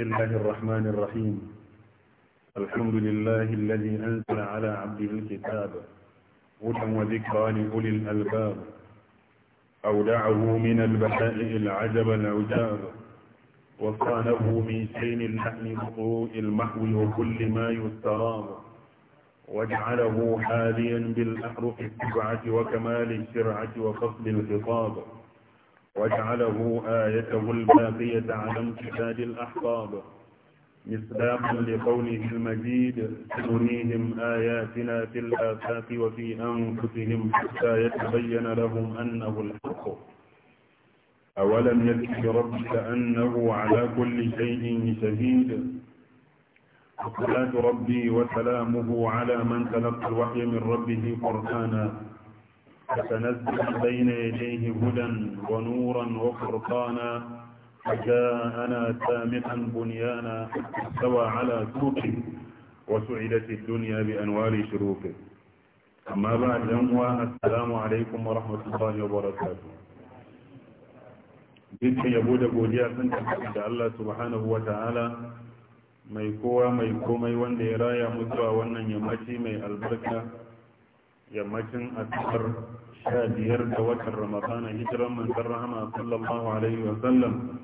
بسم الله الرحمن الرحيم الحمد لله الذي أنزل على عبده الكتاب هدى وذكرى لأولي الألباب أودعه من البشائر العجب العجاب وصانه من شين اللحن بطوء المحو وكل ما يستراب وجعله حاليا بالأحرف السبعة وكمال الشرعة وفصل الخطاب واجعله آيته الباقية على امتداد الأحقاب مصداقا لقوله المجيد سنريهم آياتنا في الآفاق وفي أنفسهم حتى يتبين لهم أنه الحق أولم يكف ربك أنه على كل شيء شهيد صلاة ربي وسلامه على من تلقى الوحي من ربه قرآنا فتنزل بين يديه هدى ونورا وفرقانا فجاءنا سامحا بنيانا سوى على سوقه وسعدت الدنيا بأنوار شروقه أما بعد السلام عليكم ورحمة الله وبركاته dukkan yabo da godiya sun tafi da Allah subhanahu wa ta'ala mai kowa mai komai wanda ya raya mutuwa wannan yammacin asabar sha biyar da watan ramadana hijiran manzan rahama sallallahu alaihi wa sallam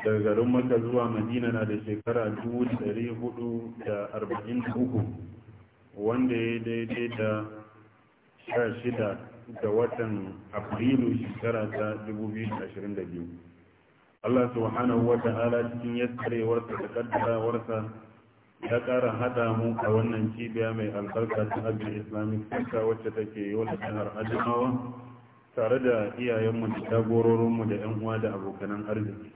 daga garin maka zuwa madina na da shekara 443 wanda ya daidai da sha shida da watan afrilu shekara ta 2022 Allah subhanahu wa ta'ala cikin yaskarewarsa da kaddarawarsa ya ƙara haɗa mu a wannan cibiya mai albarka ta abin islamic center wacce take yi wata jihar adamawa tare da iyayenmu da jagororinmu da 'yan uwa da abokanan arziki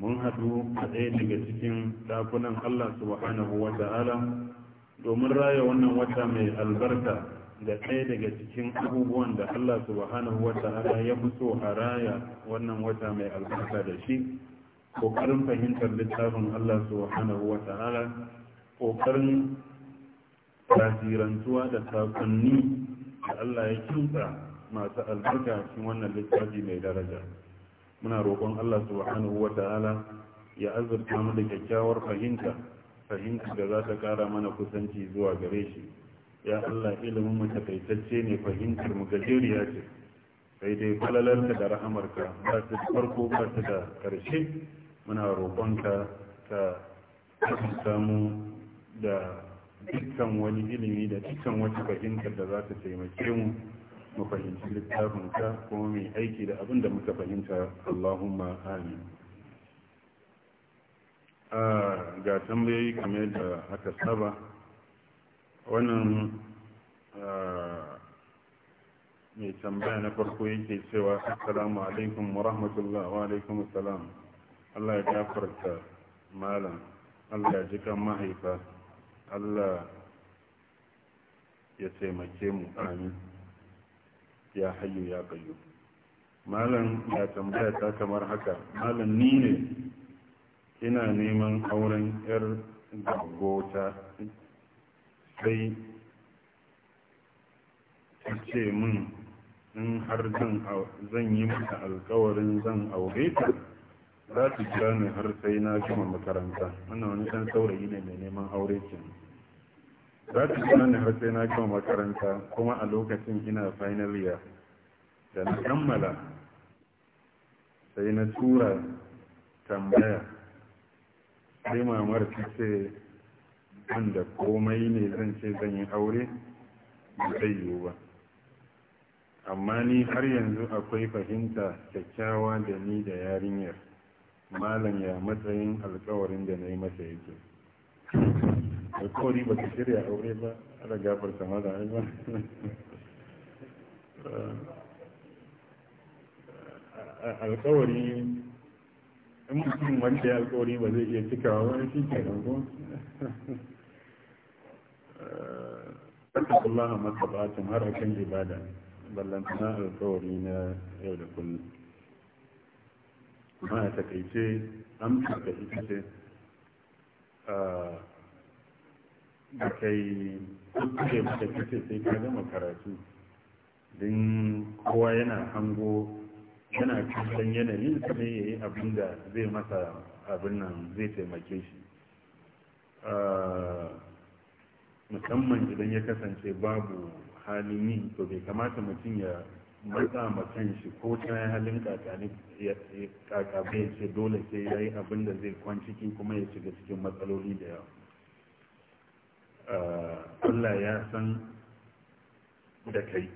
mun haɗu a ɗaya daga cikin ɗakunan allah subhanahu wa ta'ala domin raya wannan wata mai albarka da ɗaya daga cikin abubuwan da allah subhanahu wa ta'ala ya fi so a raya wannan wata mai albarka da shi Ƙoƙarin fahimtar littafin Allah subhanahu wa ta'ala ƙoƙarin tasirantuwa da sakonni da Allah ya kinsa masu albarka cikin wannan littafi mai daraja muna roƙon Allah subhanahu wa ta'ala ya azurta mu da kyakkyawar fahimta fahimta da za ta ƙara mana kusanci zuwa gare shi ya Allah ilimin mu takaitacce ne fahimtar mu gajeriya ce sai dai falalar da rahamarka ba su farko ba su da ƙarshe muna roƙonka ka samu da dukkan wani ilimi da dukkan wata fahimtar da za ta taimake mu mu fahimci littafinka kuma mai aiki da abin da muka fahimta allahumma amin ga tambayoyi kamar da aka saba wannan mai tambaya na farko yake cewa assalamu alaikum wa rahmatullah wa alaikum assalam Allah ya gafarta malam Allah ya jikan mahaifa Allah ya taimake mu amin ya hayu ya kayu malam ya tambaya ta kamar haka malam ni ne ina neman auren yar gagota sai ta ce min in har zan yi mata alkawarin zan aure ta za su kira ni har sai na gama makaranta wannan wani ɗan saurayi ne mai neman aure ke za su kira ni har sai na gama makaranta kuma a lokacin ina final year da na kammala sai na tura tambaya sai mamar ta ce da komai ne zan ce zan yi aure ba zai yiwu ba amma ni har yanzu akwai fahimta kyakkyawa da ni da yarinyar malam ya matsayin alkawarin da na yi masa yake alkawari ba su shirya aure ba ana gafarta ma da ba alkawari in mutum wanda ya alkawari ba zai iya cikawa wani shi ke rangon Allah matsabatun har akan ibada ballantana alkawari na yau da kullum ma takaice amsar da ita ce da kai kuke mata sai ka gama karatu don kowa yana hango yana kallon yanayin su ne ya yi abin da zai masa abin nan zai taimake shi musamman idan ya kasance babu halin yi to bai kamata mutum ya matsa makan shi ko ta halin kakani kakabe ya ce dole sai ya yi abin da zai kwanciki kuma ya shiga cikin matsaloli da yawa ah, Allah ya san da kai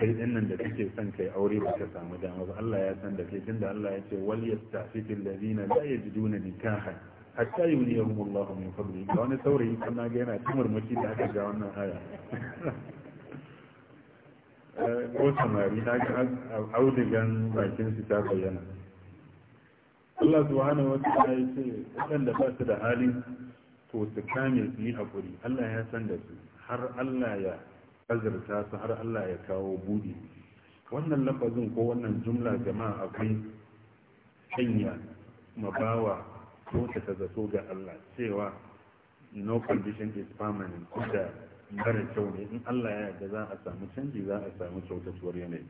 kai din nan da kake son kai aure ba ka samu dama ba Allah ya san da kai tunda Allah ya ce wal yastafifil ladina la yajiduna nikahan hatta yuniyahum Allah min fadli ga wani saurayi gaya ga yana tumurmushi da aka ga wannan aya ko samari na ga audigan bakin su ta bayyana Allah subhanahu ta'ala ya ce waɗanda ba su da halin to su kame su yi hakuri Allah ya san da su har Allah ya azurta su har Allah ya kawo buɗe wannan lafazin ko wannan jumla jama'a akwai hanya mabawa ko ta zato ga Allah cewa no condition is permanent da mara kyau ne in Allah ya yarda za a samu canji za a samu kyautatuwar yanayi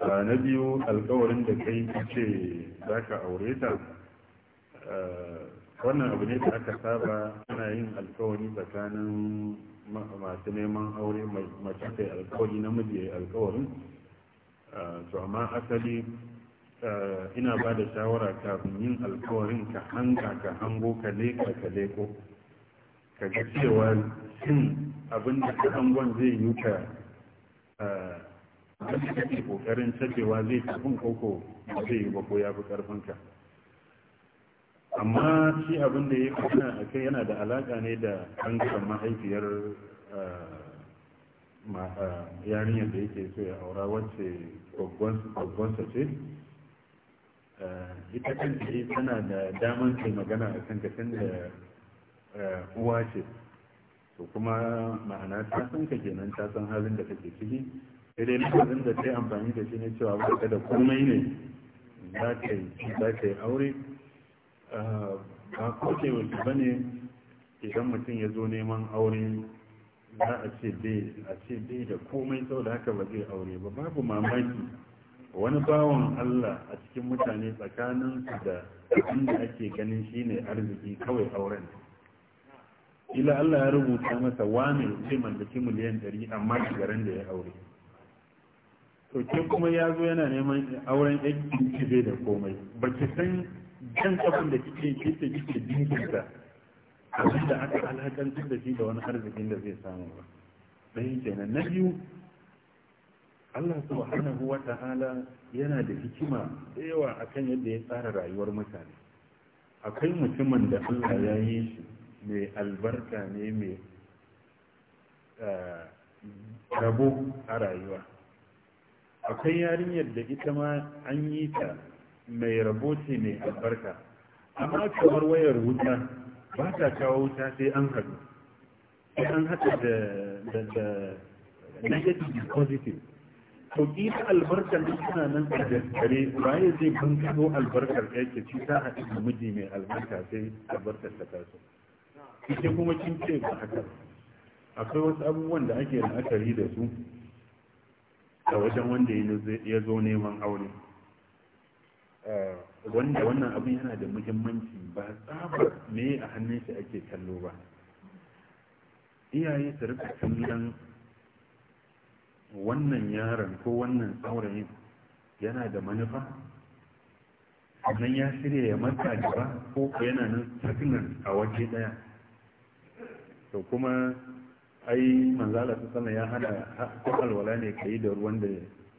na biyu alkawarin da kai ce za ka aure ta wannan abu ne da aka saba ana yin alkawari tsakanin masu neman aure mace kai alkawari namiji ya yi alkawarin to amma asali ina ba da shawara kafin yin alkawarin ka hanga ka hango ka leka ka leko ka ga cewa cin abin da angon zai yi ta eh, a da kake kokarin cakewa zai tafin koko zai yi ba ya fi karfinka amma shi abin da ya kuna a kai yana da alaƙa ne da ɓangaren mahaifiyar eh, eh, yarinyar da yake so ya aura wacce babbansa ce ita kanta tana da damar kai magana a kan da uwa ce to kuma ma'ana ta san ka kenan ta san halin da kake ciki sai dai lafazin da ta amfani da shi ne cewa ba da komai ne za ka yi aure ah, ba ko ke wasu ba ne idan mutum ya zo neman aure za a ce bai da komai sau da haka ba zai aure ba babu mamaki wani bawan Allah a cikin mutane tsakaninsu da inda ake ganin shi ne arziki kawai auren ila Allah ya rubuta masa wani zai mallaki miliyan ɗari amma a garin da ya aure to ke kuma ya zo yana neman auren yanki bai da komai ba ki san jan abin da kike kike kike dinkinta abin da aka alhakantar da shi da wani arzikin da zai samu ba ɗaya kenan na biyu Allah subhanahu wa ta'ala yana da hikima da yawa akan yadda ya tsara rayuwar mutane akwai mutumin da Allah ya yi shi mai albarka ne mai eh, rabo a rayuwa akwai yarinyar da ita ma an yi ta mai rabo ce mai albarka amma kamar wayar wuta ba ta kawo wuta sai an haɗu sai an haɗa da negative positive to ita albarkar da suna nan a daskare ya zai bankano albarkar ɗaya yake ci ta haɗu miji mai albarka sai albarkar ta taso kike kuma kin ce ba haka akwai wasu abubuwan da ake la'akari da su a wajen wanda ya zo neman aure eh, wanda wannan abin yana da muhimmanci ba tsabar me a hannun shi ake kallo ba iyaye su rika kallon wannan yaron ko wannan saurayin yana da manufa sannan ya shirya ya matsa gaba ko yana nan stagnant a waje daya to kuma ai manzala su ya hana ko alwala ne ka yi da ruwan da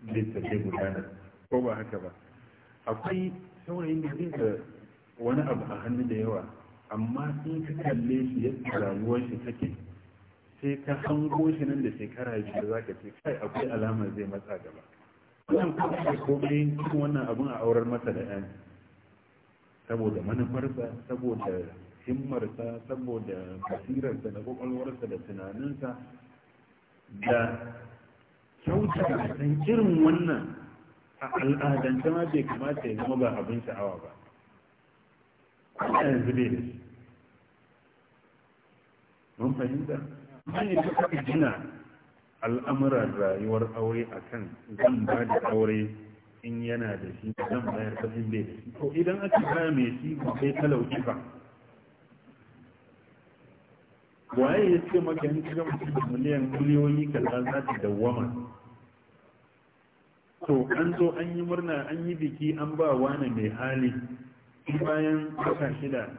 ke gudana ko ba haka ba akwai saurayin da zai wani abu a hannu da yawa amma in ka kalle shi yadda rayuwar shi take sai ka hango shi nan da shekara biyu za ka ce kai akwai alamar zai matsa gaba wannan kuma da komai wannan abun a aurar masa da yan saboda manufarsa saboda himmarsa saboda basirarsa da kwakwalwarsa da tunaninsa da kyauta da irin wannan a al'adance ma bai kamata ya zama ba abin sha'awa ba kuma yanzu bai da shi mun fahimta mai yi gina al'amuran rayuwar aure a kan zan ba da aure in yana da shi zan bayar da bai da shi Ko idan aka ba mai shi ba kai talauci ba waye ya ce maka in cikin mutum da miliyan miliyoyi kaza za ta dawwama to an zo an yi murna an yi biki an ba wani mai hali bayan wata shida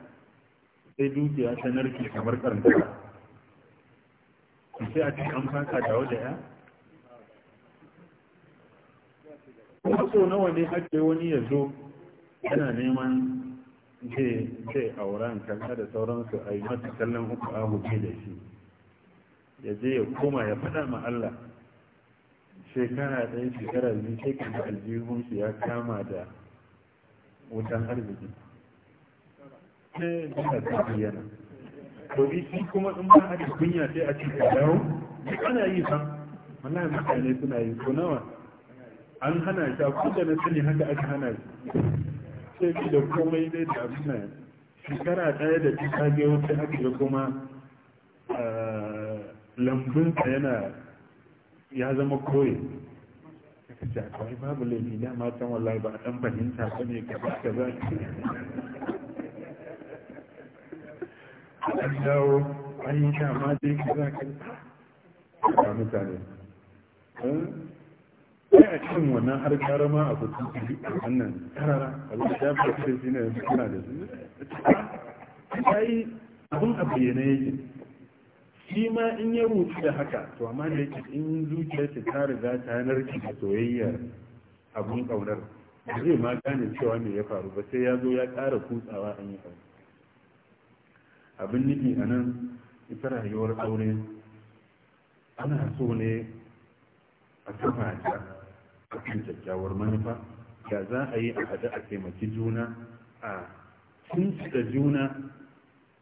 sai dukiya ta narki kamar karanta sai a ce an faka da wada ya kuma so nawa ne ake wani ya zo yana neman ce a auren kalla da sauransu a yi mata kallon uku a hudu da shi ya je ya koma ya faɗa ma Allah shekara ɗaya shekara biyu shekara da aljihun ya kama da wutan arziki ne da ta bayyana to shi kuma in ba a da kunya sai a cikin dawo duk ana yi fa wallahi mutane suna yi ko nawa an hana shi a da na sani haka aka hana shi sai da komai dai da abin nan shekara ɗaya da ta ga wata haka da kuma eh, lambunsa yana ya zama koyi ka ce akwai babu laifi da matan wallahi ba a ɗan fahimta ba ne ka ba ka za a dawo an yi dama dai ka za ka ta ah, mutane hmm? sai a cikin wannan har gara ma a kusa wannan a wani shafi da shi ne suna da su abin a bayyana yake shi ma in ya rutu da haka to amma da yake in zuciya ta ta riga ta narki da soyayyar abun ƙaunar ba zai ma gane cewa me ya faru ba sai ya zo ya ƙara kutsawa an yi abu abin nufi a nan ita rayuwar aure ana so ne a kafa kan kyakkyawar manufa ya za a yi a haɗu a taimaki juna a tuntuka juna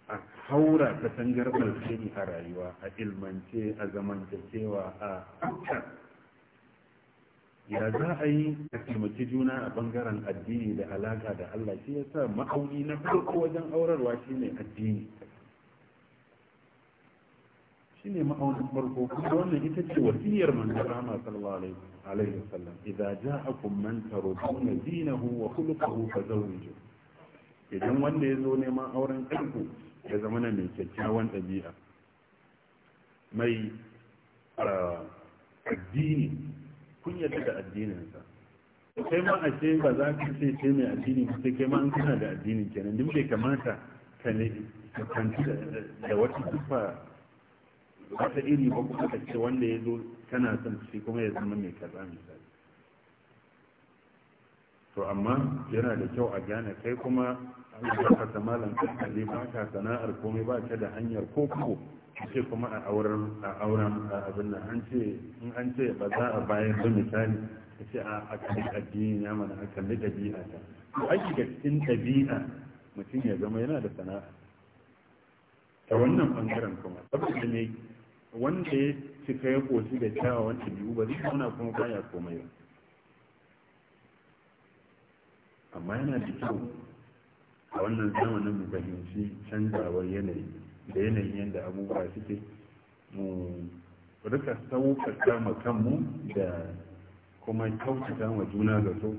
a haura katangar alheri a rayuwa a ilmance a zamantakewa a kan ya za a yi a taimaki juna a ɓangaren addini da alaƙa da Allah shi yasa ma'auni na farko wajen aurarwa shine addini ne ma'aunin farko kuma wannan ita ce wasiyar manzon rahama sallallahu alaihi wasallam idza ja'akum man dinahu wa khuluquhu fazawwiju idan wanda ya zo neman auren ɗanku ya zama na mai kyakkyawan ɗabi'a mai ah, addini kun yadda da addininsa kai ma a ce ba za ka ce ce mai addini sai kai ma an kana da addini kenan duk bai kamata ka ne da wata tuffa wata iri ba kuma ka ce wanda ya zo kana son shi kuma ya zama mai kaza misali to amma yana da kyau a gane kai kuma an zaka da malam kakali ba ka sana'ar komai ba ka da hanyar ko a ce kuma a auren a auren abin nan an ce in an ce ba za a bayan ba misali ka ce a kalli addini ya mana kalli ɗabi'a ta to aiki ga cikin ɗabi'a mutum ya zama yana da sana'a ta wannan bangaren kuma saboda ne wanda ya cika ya koshi da kyawawan biyu ba zai zauna kuma baya komai ba amma yana da kyau a wannan zamanin mu fahimci canzawar yanayi da yanayin yadda abubuwa suke mu rika sauƙaƙa ma kanmu da kuma kyautata ma juna ga so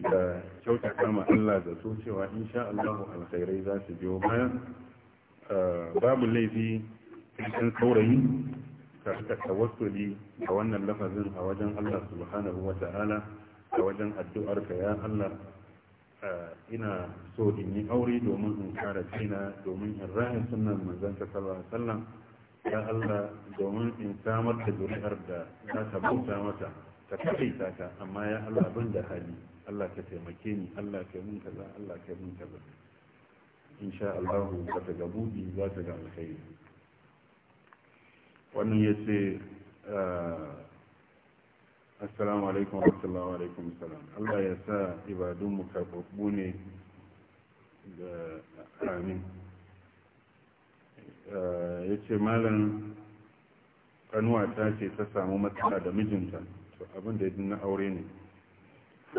da kyautata ma Allah ga so cewa insha Allahu alkhairai za su biyo bayan babu laifi ɗan saurayi ka rika tawassuli a wannan lafazin a wajen Allah subhanahu wa ta'ala a wajen addu'ar ka ya Allah ina so in yi aure domin in kara cina, domin in raya sunan manzon ka sallallahu alaihi wasallam ya Allah domin in samar da zuri'ar da za ta bauta mata ta kaita ta amma ya Allah ban da hali Allah ka taimake ni Allah ka mun kaza Allah ka mun kaza insha Allah ka ta gabubi za ta ga alkhairi wannan ya ce ah, assalamu alaikum wa alaikum salam Allah ya sa ibadunmu karɓaɓɓu ne da amin eh, ya ce malam kanuwa ta ce ta samu matsala da mijinta to abin da na aure ne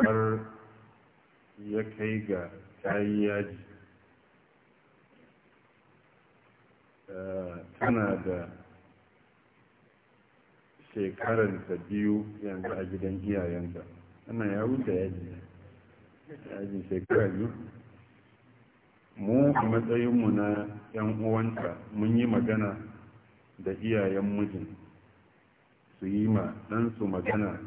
har ya kai ga tayi yaji eh, tana da shekaranta biyu yanzu a gidan iyayenta ana ya wuce yaji yaji shekara biyu mu a matsayinmu na 'yan uwanta mun yi magana da iyayen mijin su yi ma ɗansu magana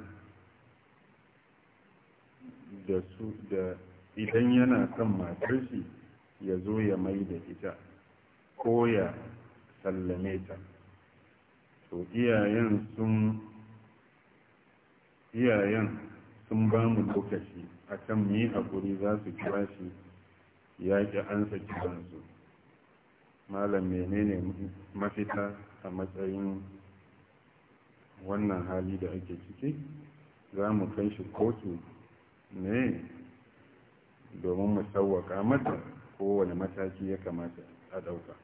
da su da idan yana son matar shi ya zo ya mai da ita ko ya sallame ta to iyayen sun iyayen sun ba mu lokaci a kan mi hakuri za su kira shi ya ki ansa kiransu malam menene mafita a matsayin wannan hali da ake ciki za mu kai shi kotu ne domin mu sauwaka mata kowane mataki ya kamata a ɗauka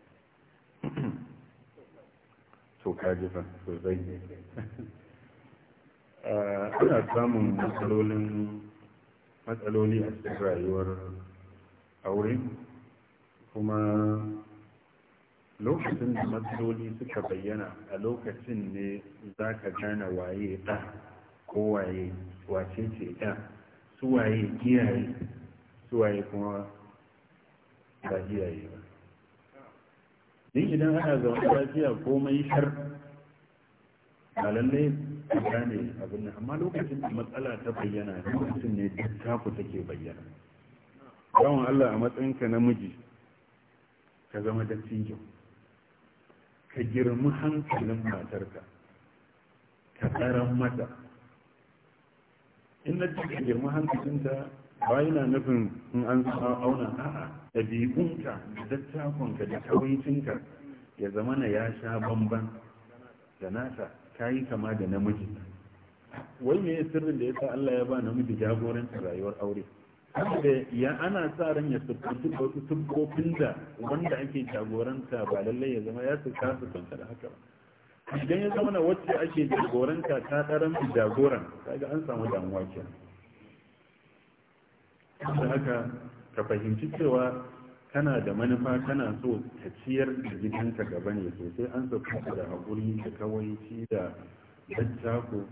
to kaji fa sosai ah, ana samun matsalolin matsaloli a cikin rayuwar aure kuma lokacin da matsaloli suka bayyana a lokacin ne za ka gane waye ɗa ko waye wace ce ɗa su waye iyaye su waye kuma ba iyaye ba din idan ana zaune lafiya komai shar ba lallai a gane abin nan amma lokacin da matsala ta bayyana lokacin ne taku take bayyana yawan Allah a matsayinka namiji ka zama kyau. ka girma hankalin matarka ka tsaron mata in na ka hankalin hankalinta ba yana nufin in an auna a'a ɗabi'unka da dattakonka da kawaicinka ya na ya sha bamban da nasa ta yi kama da namiji wai me sirrin da ya sa Allah ya ba namiji jagorancin rayuwar aure da ya ana sa ran ya sukkanci da wasu siffofin da wanda ake jagoranta ba lallai ya zama ya siffa siffanta da haka ba idan ya zama na wacce ake jagoranta ta ɗaran jagoran kaga an samu damuwa kenan da haka ka fahimci cewa kana da manufa kana so ka ciyar da gidanka gaba ne sosai an kuka da haƙuri da kawaici da dattako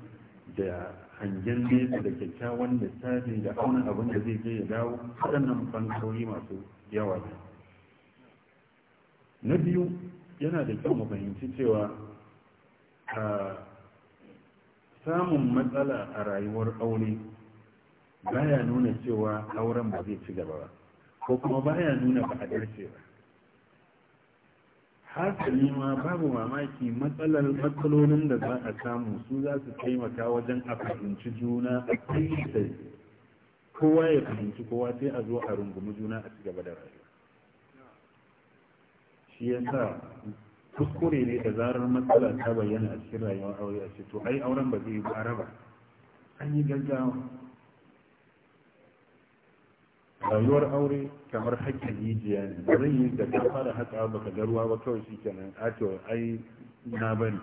da hangen nesa da kyakkyawan lissafi da auna abin da zai je ya dawo waɗannan bankoyi masu yawa ne na biyu yana da kyau mu fahimci cewa a ah, samun matsala a rayuwar aure baya nuna cewa auren ba zai ci gaba ba ko kuma baya nuna ba a darce ba hasali ma babu mamaki matsalar matsalolin da za a samu su za su taimaka wajen a fahimci juna a kai kowa ya fahimci kowa sai a zo a rungumi juna a cigaba da rayuwa shi ya sa kuskure ne da zarar matsala ta bayyana a cikin rayuwar aure a ce to ai auren ba zai yi ba raba an yi gaggawa rayuwar aure kamar haƙƙin rijiya ne ba zai yi da ka fara haka ba ka garuwa ba kawai shi kenan a to ai na bari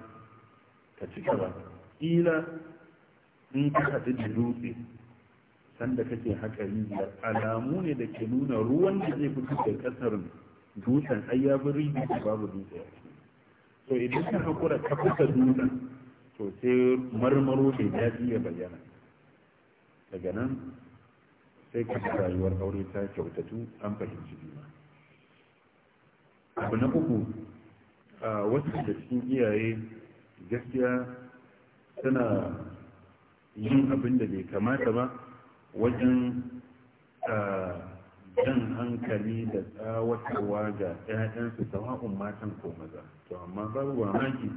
ka cika ba ila in ka haɗu da dutse sanda kake haƙa rijiya alamu ne da ke nuna ruwan da zai fito da ƙasar dutsen ai ya bi rijiya babu dutse to idan ka haƙura ka fita dutsen to sai marmaro ke daɗi ya bayyana daga nan sai ka rayuwar aure ta kyautatu an fahimci juna abu na uku a wasu da cikin iyaye gaskiya tana yin abin da bai kamata ba wajen jan hankali da tsawatarwa ga 'ya'yansu sawa'un matan ko maza to amma babu mamaki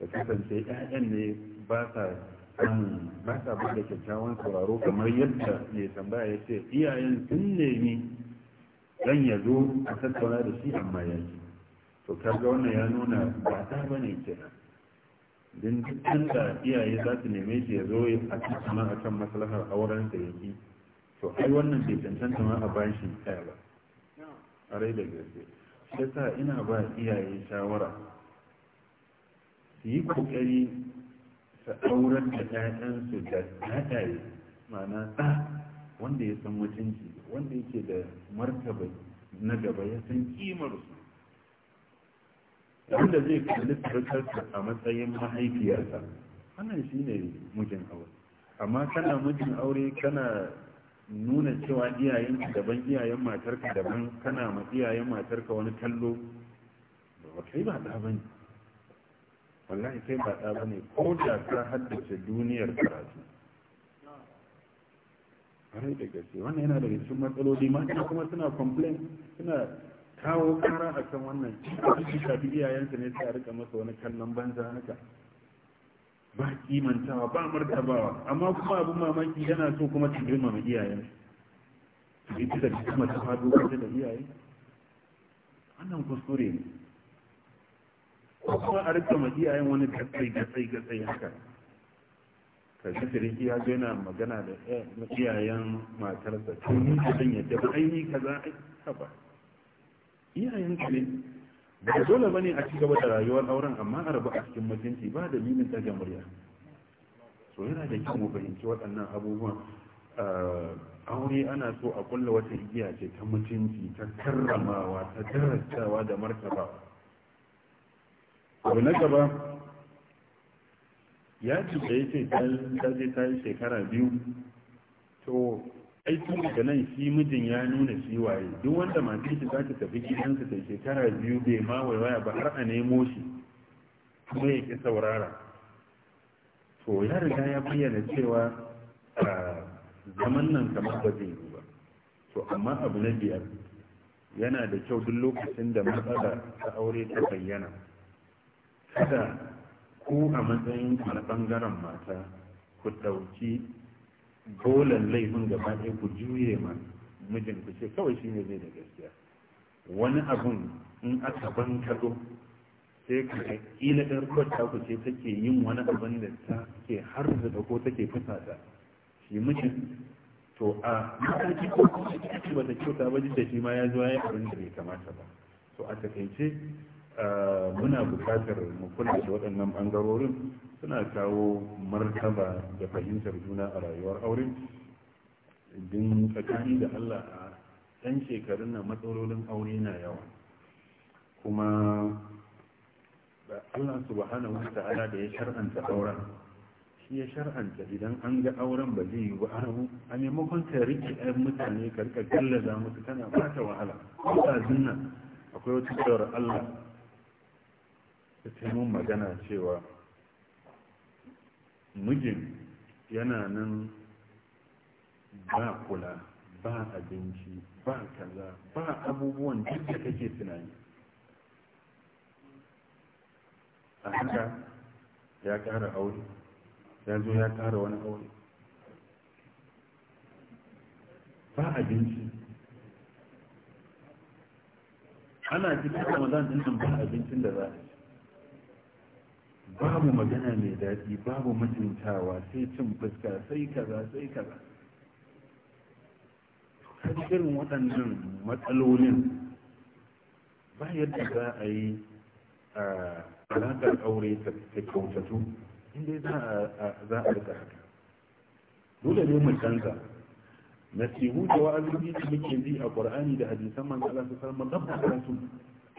da kasance 'ya'yan ne ba sa ba sa da kyakkyawan sauraro kamar yadda mai tambaya ya ce iyayen sun nemi dan ya zo a tattauna da shi amma ya ce to kaga wannan ya nuna ba ta ba ne kenan din dukkan da iyaye za su neme shi ya zo a tattauna a kan maslahar auren da yake to ai wannan bai cancanta ma a bashi ɗaya ba a rai da gaske shi sa ina ba iyaye shawara su yi kokari ta aurar da ƴaƴansu da ƴaƴaye mana ɗa wanda ya san mutunci wanda yake da martaba na gaba ya san kimar su wanda zai kalli surukarsa a matsayin mahaifiyarsa wannan shine mijin aure amma kana mijin aure kana nuna cewa iyayenka daban iyayen matarka daban kana ma iyayen matarka wani kallo ba kai ba ɗa bane wallahi kai ba ɗa bane ko da ka haddace duniyar karatu ƙwarai da gaske wannan yana daga cikin matsaloli mata kuma suna complain suna kawo kara a kan wannan su shafi iyayensa ne sai a rika masa wani kallon banza haka ba kimantawa ba martabawa amma kuma abin mamaki yana so kuma ta girmama iyayen su ita da kuma ta faɗo kanta da iyaye wannan kuskure ne kuma a a yin wani gatsai gatsai gatsai haka kashi firiki ya zo yana magana da eh, iyayen matarsa to ni da yadda ba ai ni kaza ai iyayen ka ne ba dole ba ne a ci gaba da rayuwar auren amma a rabu a cikin mutunci ba da dalilin daga murya so yana da kyau mu fahimci waɗannan abubuwan eh, aure ana so a kulla wata igiya ce ta mutunci ta karramawa ta darasawa da martabawa abu na gaba ya ci da ya ce ta yi shekara biyu to aikin daga nan shi mijin ya nuna shi waye duk wanda masu shi za ta tafi gidansa da shekara biyu bai ma waiwaya ba har a nemo shi kuma ya ƙi saurara to ya riga ya bayyana cewa a zaman nan kamar ba zai yi ba to amma abu na biyar yana da kyau duk lokacin da matsala ta aure ta bayyana kada ku a matsayin na bangaren mata ku ɗauki bolan laifin gaba ɗaya ku juye ma mijin ku ce kawai shi ne zai da gaskiya wani abun in aka ban sai ka ga ƙila ɗan kwata ku ce take yin wani abin da ta ke har da ko take fusata shi mijin to a mataki ko kuma ita ce kyauta ba da shi ma ya zo ya yi abin da bai kamata ba to a takaice muna bukatar mu kula da waɗannan ɓangarorin suna kawo martaba da fahimtar juna a rayuwar aure din tsakani da allah a ɗan shekarun na matsalolin aure na yawa kuma allah subhanahu wa ta'ala da ya shar'anta auren shi ya shar'anta idan an ga auren ba zai yi ba arabu a maimakon ka rike ɗan mutane karka gallaza musu tana bata wahala ko ta zinna akwai wata tsawar allah ta ce mun magana cewa mijin yana nan ba kula ba abinci ba kaza ba abubuwan duk da kake tunani a haka ya ƙara aure ya zo ya ƙara wani aure ba abinci ana cikin ramadan din ba abincin da za a babu magana mai daɗi babu mutuntawa sai cin fuska sai kaza sai kaza kan irin waɗannan matsalolin ba yadda za a yi a alaƙar aure ta kyautatu inda za a rika haka dole ne mu canza nasihu da wa'azi da muke bi a ƙwar'ani da hadisan man Allah sallallahu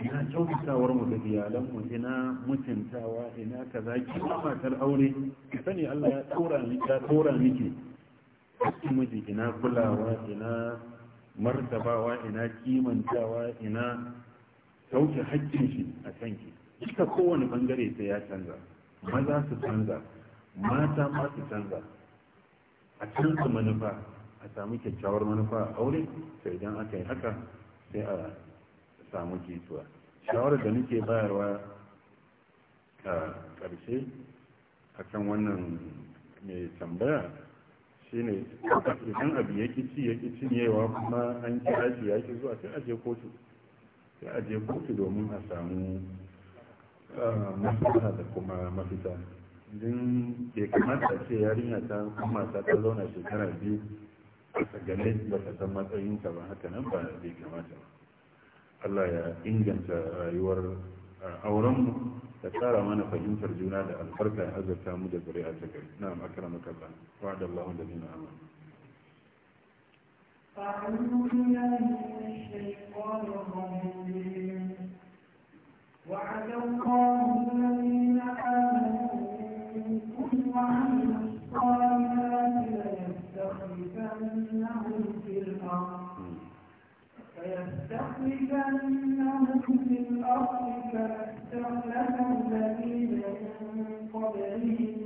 ina kyautatawar mu da iyalan mu ina mutuntawa ina kaza ki matar aure ki sani Allah ya daura miki ya miki miji ina kulawa ina martabawa ina kimantawa ina sauke hakkin shi a kanki duka kowane bangare sai ya canza maza su canza mata ma su canza a canza manufa a samu kyakkyawar manufa a aure sai idan aka yi haka sai a samu jituwa shawarar da nake bayarwa a ƙarshe akan wannan mai tambaya shi ne idan abu ya ci ya ki cinyewa kuma an ƙi shi ya ki zuwa sai aje kotu sai aje kotu domin a samu maslaha da kuma mafita din bai kamata ce yarinya ta kuma ta ta zauna shekara biyu a gane ba ta san matsayinta ba haka nan ba bai kamata ba Allah ya inganta rayuwar aurenmu da tsara mana fahimtar juna da alfarka ya azurta mu da zuri'a a gari na makara makalla wa da Allah wanda zina amma وعد الله الذين آمنوا وعملوا الصالحات ليستخلفنهم في الأرض فيستخلفنهم في الأرض فاستخلف الذين من قبلهم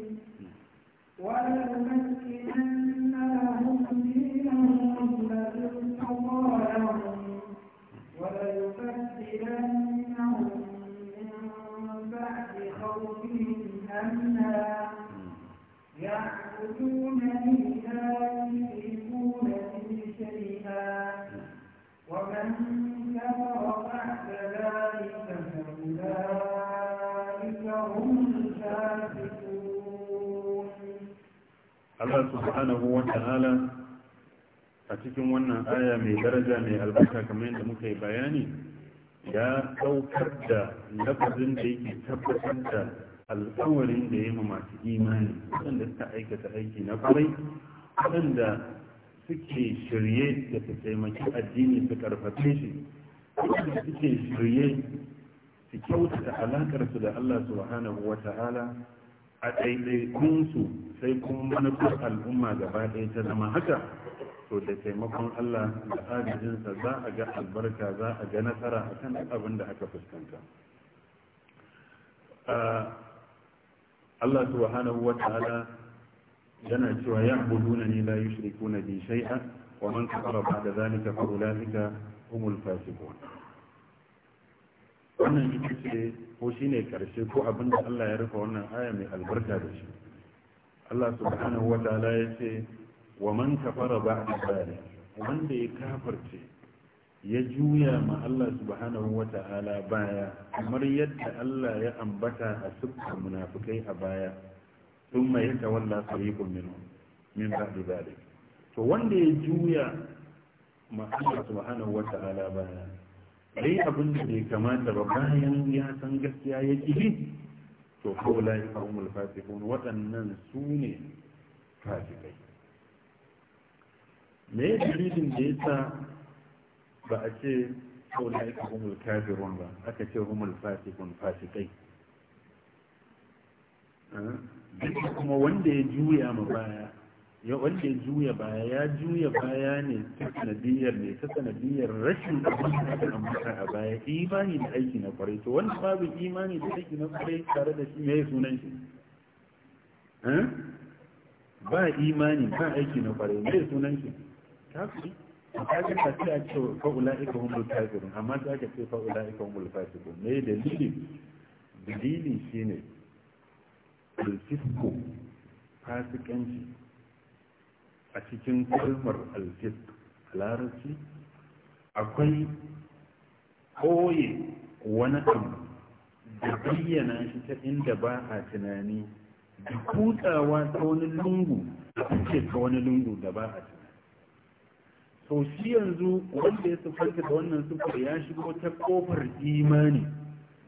ولنمكنن لهم دينهم الذي ارتضى لهم وليبدلنهم من بعد خوفهم أمنا يعبدونني لا يشركون بي شيئا Allah subhanahu wa ta’ala a cikin wannan aya mai daraja mai albarka kamar yadda muka yi bayani ya ɗaukar da nafazin da yake tabbatar da alawarin da ya yi masu imani waɗanda suka aikata aiki na kwarai waɗanda suke shirye da su taimaki addini su karfafe shi waɗanda suke shirye su kyautata su da Allah subhanahu wa ta'ala a su sai kuma manufar al'umma gaba ɗaya ta zama haka to da taimakon Allah da agajinsa za a ga albarka za a ga nasara a kan abin da aka fuskanta ah, Allah subhanahu wa ta'ala yana cewa ya ya'buduna ni la yushrikuna bi shay'a wa man kafara ba'da zalika fa ulaika humul fasiqun wannan ita ce ko shi ne karshe ko abin da Allah ya rufe wannan aya mai albarka da shi Allah subhanahu wa ta'ala ya ce wa man kafara ba'da zalika wanda ya kafarce ya juya ma Allah subhanahu wa ala baya kamar yadda Allah ya ambata a sukkan munafikai a baya thumma yatawalla fariqun minhum min ba'di dhalik to wanda ya juya ma Allah subhanahu ta'ala baya dai abin da bai kamata ba bayan ya san gaskiya ya ƙi to kawai ya umul fasikun waɗannan su ne fasikai me ya dalilin da ya sa ba a ce kawai ya umul kafirun ba aka ce umul fasikun fasikai duk kuma wanda ya juya ma baya ya wanda ya juya baya ya juya baya ne ta sanadiyar ne ta sanadiyar rashin abin da a baya imani da aiki na kwarai to wanda babu imani da aiki na kwarai tare da shi mai sunan shi eh? ba imani ba aiki na kwarai mai sunan shi kafiri kaga ka ce a ce fa ulaika hundu kafirun amma za ka ce fa hundu humul fasiqun me dalili shi ne? alfisko fasikanci a cikin kalmar alfisk a larabci akwai koye wani abu da bayyana shi ta inda ba a tunani da kutsawa ta wani lungu da kuke ta wani lungu da ba a tunani sau shi yanzu wanda ya sufanta da wannan sufar ya shigo ta kofar imani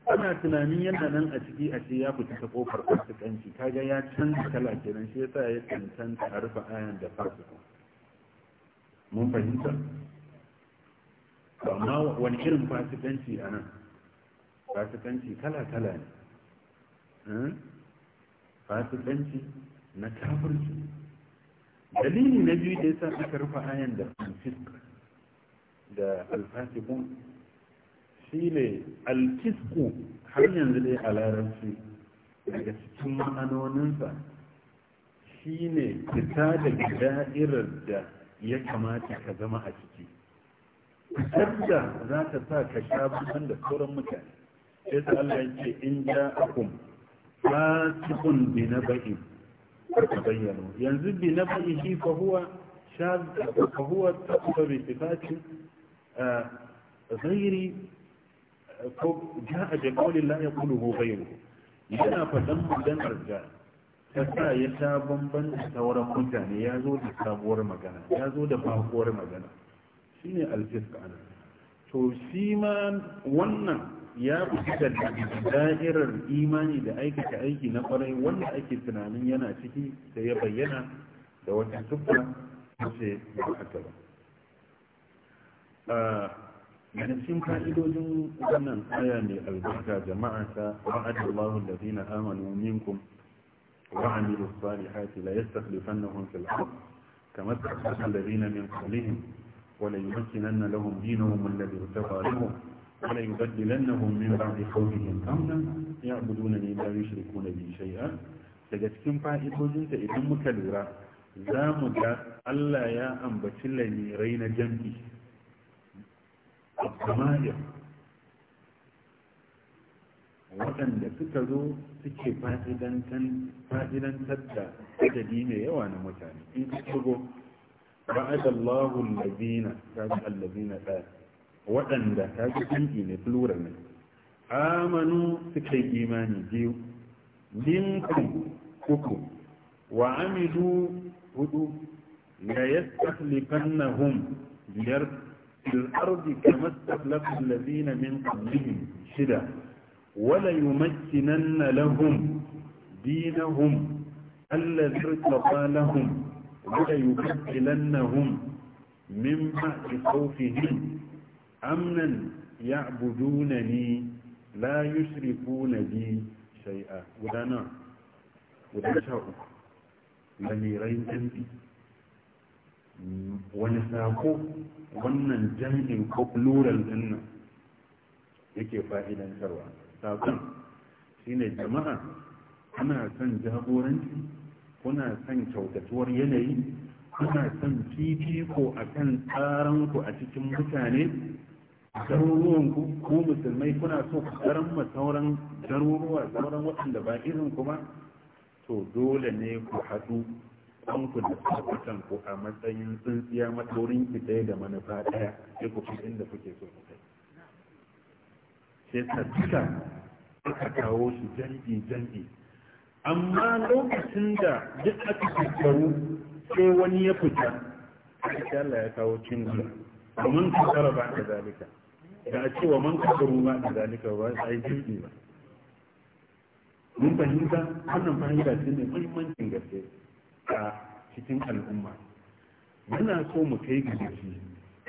ana tunanin yadda nan a ciki a ce ya fita ta kofar fasikanci kaga ya canza kala kenan shi yasa ya cancanta a rufe ayan da fasiko mun fahimta amma wani irin fasikanci a nan fasikanci kala-kala ne hmm? fasikanci na kafirci dalili na biyu da yasa aka rufe ayan da fasik da alfasikun shine alkisku har yanzu dai a larabci daga cikin ma'anoninsa shine fita da da'irar da ya kamata ka zama a ciki fitar da za ta sa ka sha bukan da sauran mutane sai ta Allah ya ce in ja akum kun bi na ka bayyano yanzu bi na shi fa huwa shaz fa huwa taqwa bi sifatin eh, ko ja'a bi qawlin la yaquluhu ghayruhu yana fadan maganar da ta sa ya ta bamban da sauran mutane ya zo da sabuwar magana ya zo da bakuwar magana ne alfisk ana to shi ma wannan ya fi da da'irar imani da aikata aiki na kwarai wanda ake tunanin yana ciki sai ya bayyana da wata sufura ce ba haka ba ah, من يعني السن فائدون جنن آياني البركة جماعة وعد الله الذين آمنوا منكم وعملوا الصالحات لا يستخلفنهم في الأرض كما استخلف الذين من قبلهم وليمكنن لهم دينهم الذي ارتفى لهم وليبدلنهم من بعد خوفهم أمنا يعبدونني لا يشركون بي شيئا تجسكم فائدون تأتم كالورا زامك ألا يا أنبت الذي رين جنبه الضمائر waɗanda suka zo suke fa'idantar da adadi mai yawa na mutane in ka shigo ba'adallahu ta kaga allazina ɗaya waɗanda fi dangi ne plural ne amanu suka yi imani biyu minkum uku wa amidu hudu na hun biyar في الأرض كما استخلف الذين من قبلهم شدة وليمكنن لهم دينهم الذي ارتضى لهم وليبدلنهم من بعد خوفهم أمنا يعبدونني لا يشركون بي شيئا ودانا ودانا شاء لميرين تنبيه wani sako wannan jami'in ko plural din nan yake fa'idantarwa sakon shine jama'a Kuna son jagoranci kuna son kyautatuwar yanayi kuna son fifiko a kan tsaranku a cikin mutane garuruwanku ko musulmai kuna so ku ma sauran daruruwa sauran waɗanda ba irin kuma to dole ne ku haɗu kanku da kusan ku a matsayin tsintsiya maɗaurin ki ɗaya da manufa ɗaya sai ku fi inda kuke so ku kai sai ta duka aka kawo shi jam'i jam'i amma lokacin da duk aka tattaru sai wani ya fita sai Allah ya kawo cinga domin ka tsara ba da zalika da a cewa man tsaro ba da zalika ba a yi jirgi ba mun fahimta wannan fahimta ne muhimmancin gaske a cikin al'umma muna so mu kai ga gaci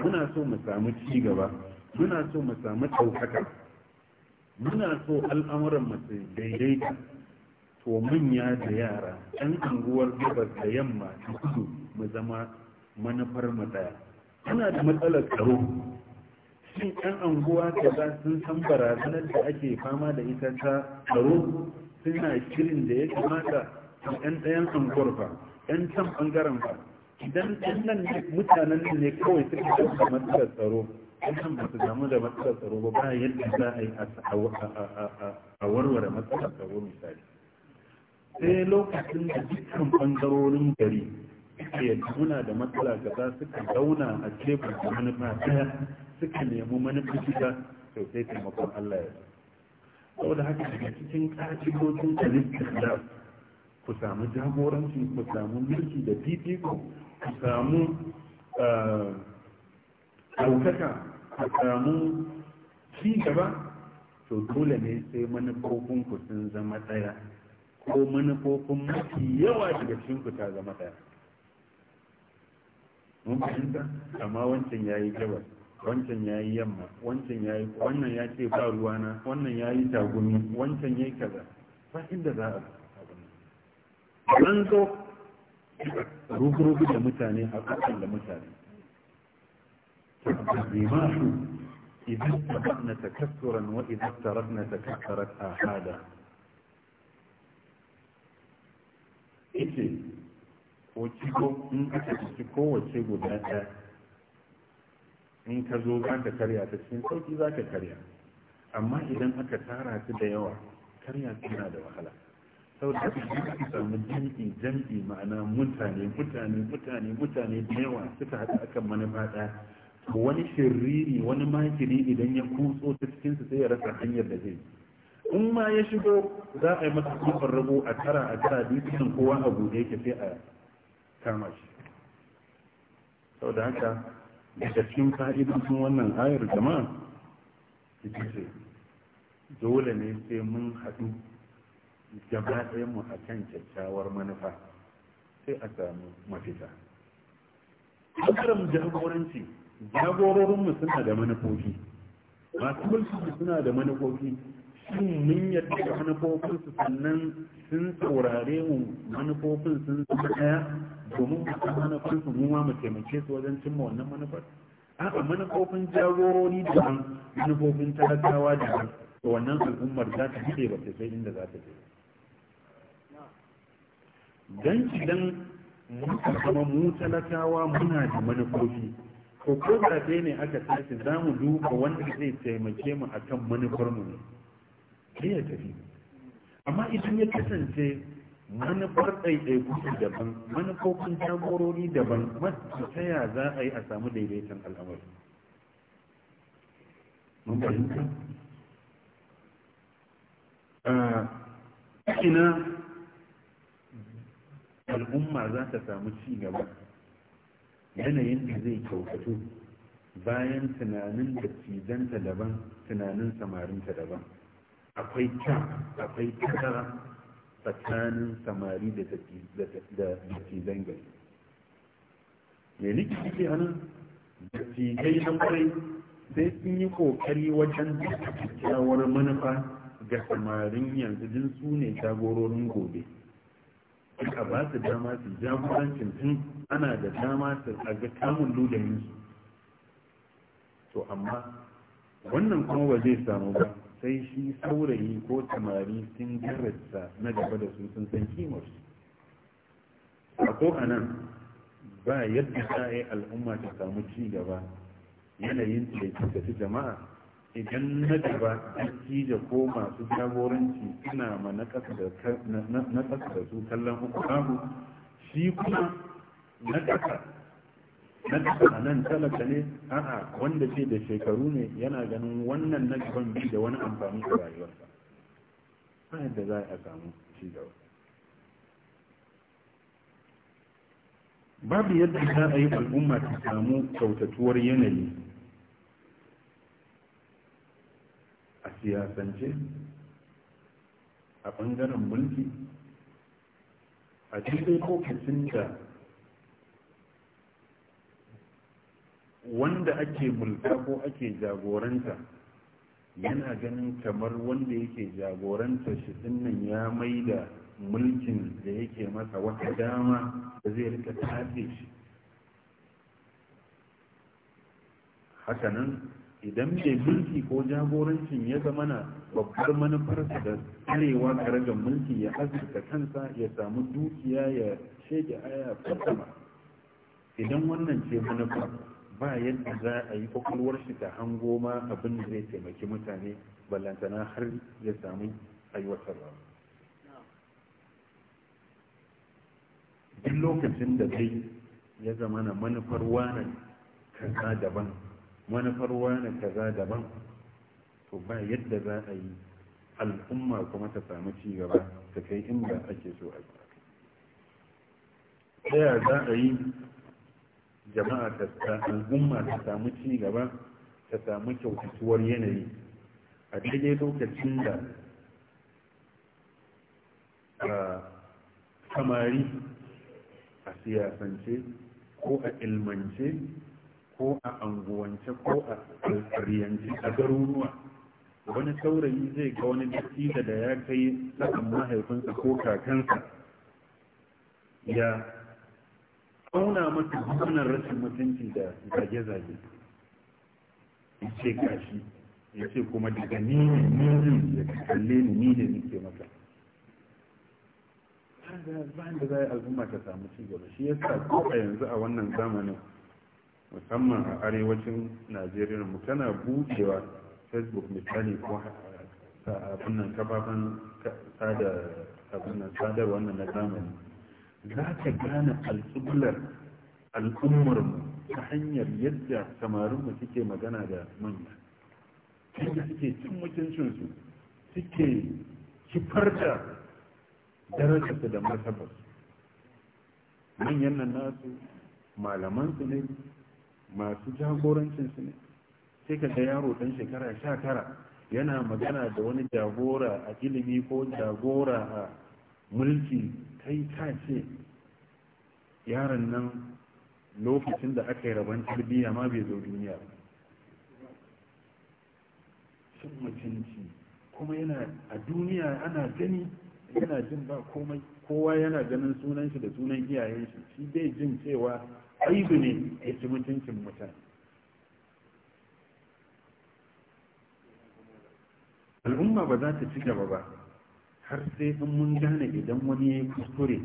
muna so mu samu ci gaba muna so mu samu ɗaukaka muna so al'amuran masu daidaita to manya da yara ɗan anguwar gabas da yamma ta kudu mu zama manufar mu ɗaya muna da matsalar tsaro shin ɗan anguwa kaza sun san barazanar da ake fama da ita ta tsaro suna shirin da ya kamata a ɗan ɗayan anguwar fa yan can bangaren ba idan nan mutanen ne kawai suka da matsalar tsaro yan ba su damu da matsalar tsaro ba ba yadda za a yi a warware matsalar tsaro misali sai lokacin da dukkan bangarorin gari suke muna da matsala gaza suka zauna a tebur da manufa daya suka nemi manufa shiga to sai taimakon Allah ya zo. Saboda haka daga cikin ƙa'idojin da. ku samu jagoranci ku samu mulki da fifiko ku samu eh, ɗaukaka ku samu ci gaba to dole ne sai manufofin ku sun zama ɗaya ko manufofin mafi yawa daga cikin ku ta zama ɗaya mun fahimta amma wancan ya yi gabas wancan ya yi yamma wancan ya yi wannan ya ce ba ruwana wannan ya yi tagumi wancan ya yi kaza fahimta inda za a manzo rubu da mutane a kasan da mutane su idan ta tabbana takassuran wa idan ta tarakna takassarat hada yace ko ciko in aka ciki kowace guda ɗaya in ka zo za ka karya ta cikin sauƙi za ka karya amma idan aka tara ta da yawa karya suna da wahala saboda haka shi aka samu jam'i jam'i ma'ana mutane mutane mutane mutane da yawa suka haɗa akan manufa ɗaya wani shiriri wani makiri idan ya kutso ta cikinsu sai ya rasa hanyar da zai in ma ya shigo za a yi masa kofar rabo a tara a tara dukkan kowa a buɗe yake sai a kama shi sau da haka daga cikin sun wannan ayar jama'a ita dole ne sai mun haɗu gaba mu a kan kyakkyawar manufa sai a samu mafita ɓangaren jagoranci jagororinmu suna da manufofi masu mulki suna da manufofi shi mun yadda da su sannan sun saurare mu manufofin sun zama daya domin mu san manufofinsu mu ma mu taimake su wajen cimma wannan manufar a manufofin jagorori da manufofin talakawa da wannan al'ummar za ta hide ba sai sai inda za ta je don idan mun zama mu talakawa muna da manufofi ko ko zaɓe ne aka tashi za mu duba wanda zai taimake mu a kan mu ne sai ya tafi amma idan ya kasance manufar ɗaiɗaiku daban manufofin jagorori daban masu ta ya za a yi a samu daidaiton al'amari mun fahimta ah, al'umma za ta samu ci gaba yanayin da zai kyautatu bayan tunanin da cizanta daban tunanin samarinta daban akwai ta akwai tsakanin samari da cizan gari mai niki suke hannun da cizai na kwarai sai sun yi kokari wajen kyakkyawar manufa ga samarin yanzu din sune ne jagororin gobe a ba su dama su jagorancin tun ana da dama su a ga kamun ludayin su to amma wannan kuma ba zai samu ba sai shi saurayi ko tamari sun jarrasa na gaba da su sun san kimar su a ko a nan ba yadda za al'umma ta samu ci gaba yanayin da ya jama'a idan na gaba da ko masu jagoranci suna ma na ƙasa da su kallon hukumahu shi kuma na ƙasa na ƙasa a nan talaka ne a'a wanda ce da shekaru ne yana ganin wannan na gaban bi da wani amfani a rayuwarsa ba yadda za a samu ci babu yadda za a yi al'umma ta samu kyautatuwar yanayi a siyasance a ɓangaren mulki a cikin lokacin da wanda ake mulka ko ake jagoranta yana ganin kamar wanda yake jagoranta shi dinnan ya maida mulkin da yake masa wata dama da zai rika tafe shi hakanan idan mai mulki ko jagorancin ya zama na babbar manufar su da tsarewa ragar mulki ya azurta kansa ya samu dukiya ya shege aya fasama idan wannan ce manufa ba yadda za a yi kwakwalwar shi ta hango ma abin da zai taimaki mutane ballantana har ya samu aiwatarwa duk lokacin da zai ya zama na manufar wanan kaza daban manufar na kaza daban to ba yadda za a yi al'umma kuma ta samu ci gaba ta kai inda ake so a ta ya za a yi jama'a ta al'umma ta samu ci gaba ta samu kyautatuwar yanayi a daidai lokacin da a samari a siyasance ko a ilmance ko a anguwance ko a riyance a garuruwa wani saurayi zai ga wani dattijo da ya kai sakan mahaifinsa ko kakansa ya auna masa dukkanin rashin mutunci da zage-zage ya ce kashi ya ce kuma daga ni ne ya kalle ni ni ne nike maka ba da za a yi al'umma ta samu cigaba shi ya sa ko a yanzu a wannan zamanin musamman a arewacin najeriya mu tana bucewa facebook misali ko abin nan kafafen sadar wannan na zamani za ta gane alƙiblar mu ta hanyar yadda samarin mu suke magana da manya yadda suke cin mutuncinsu suke kifar da darajarsu da martabarsu manyan nan nasu malamansu ne masu jagorancinsu ne sai ka ga yaro dan shekara sha tara yana magana da wani jagora a ilimi ko jagora a mulki kai ka ce yaron nan lokacin da aka yi rabon tarbiyya ma bai zo duniya sun mutunci kuma yana a duniya ana gani yana jin ba komai kowa yana ganin sunan shi da sunan iyayen shi shi bai jin cewa aibu ne a yi mutuncin mutum al'umma ba za ta ci gaba ba har sai in mun gane idan wani ya yi kuskure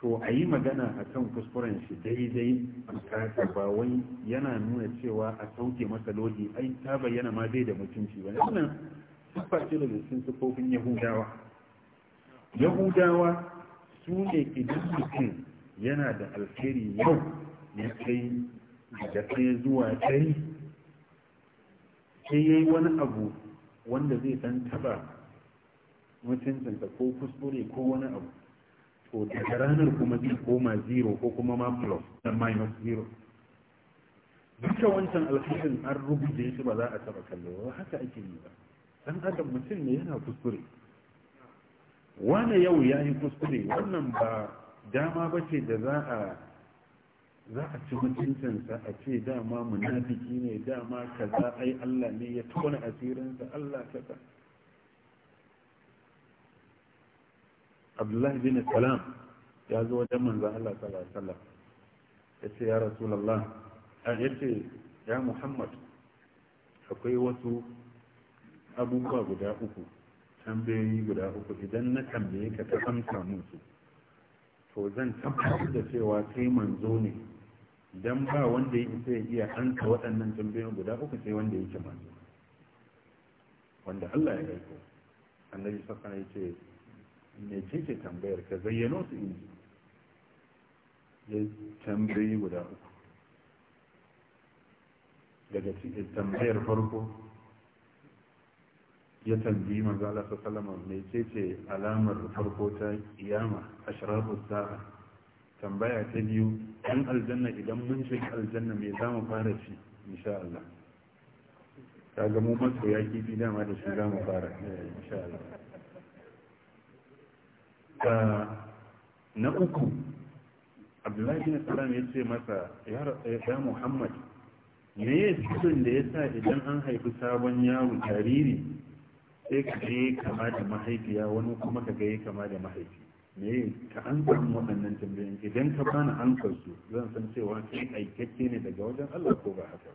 to a yi magana a kan kuskuren shi daidai a ba wai yana nuna cewa a sauke masa lodi ai ta bayyana ma zai da mutunci ba wannan siffar ce daga cikin siffofin yahudawa yahudawa su ne idan mutum yana da alheri yau ya kai da sai zuwa kai sai ya yi wani abu wanda zai san taba mutuncinsa ko kuskure ko wani abu to daga ranar kuma zai koma zero ko kuma ma plus da minus zero duka wancan alkhairin an rubuta shi ba za a taba kallo ba haka ake yi ba dan adam mutum ne yana kuskure Wani yau ya yi kuskure wannan ba dama ba ce da za a za a ci mutuncinsa a ce dama munafiki ne dama kaza ai Allah ne ya tona asirinsa Allah kaza Abdullah bin Salam ya zo wajen manzon Allah sallallahu alaihi wasallam ya ce ya Rasulullah a yace ya Muhammad akwai wasu abubuwa guda uku tambayoyi guda uku idan na tambaye ka ta amsa musu to zan tabbatar da cewa kai manzo ne dan ba wanda ya isa ya iya hanka waɗannan tambayoyin guda uku sai wanda yake manzo wanda Allah ya aiko annabi sakana alaihi ne ya ce tambayar ka zayyano su in ya tambayi guda uku daga cikin tambayar farko ya tambayi manzo Allah sallallahu alaihi wasallam ne ce alamar farko ta kiyama ashrarus sa'a tambaya ta biyu ɗan aljanna idan mun shi aljanna me za mu fara shi insha Allah ta ga mu masoya kifi dama da shi za mu fara insha Allah na uku abdullahi na salam ya ce masa ya muhammad me ya cikin da ya sa idan an haifi sabon yaro jariri sai ka je kama da mahaifiya wani kuma ka ga kama da mahaifi me ka an san waɗannan tambayoyin idan ka bani ansar su zan san cewa kai aikakke ne daga wajen Allah ko ba haka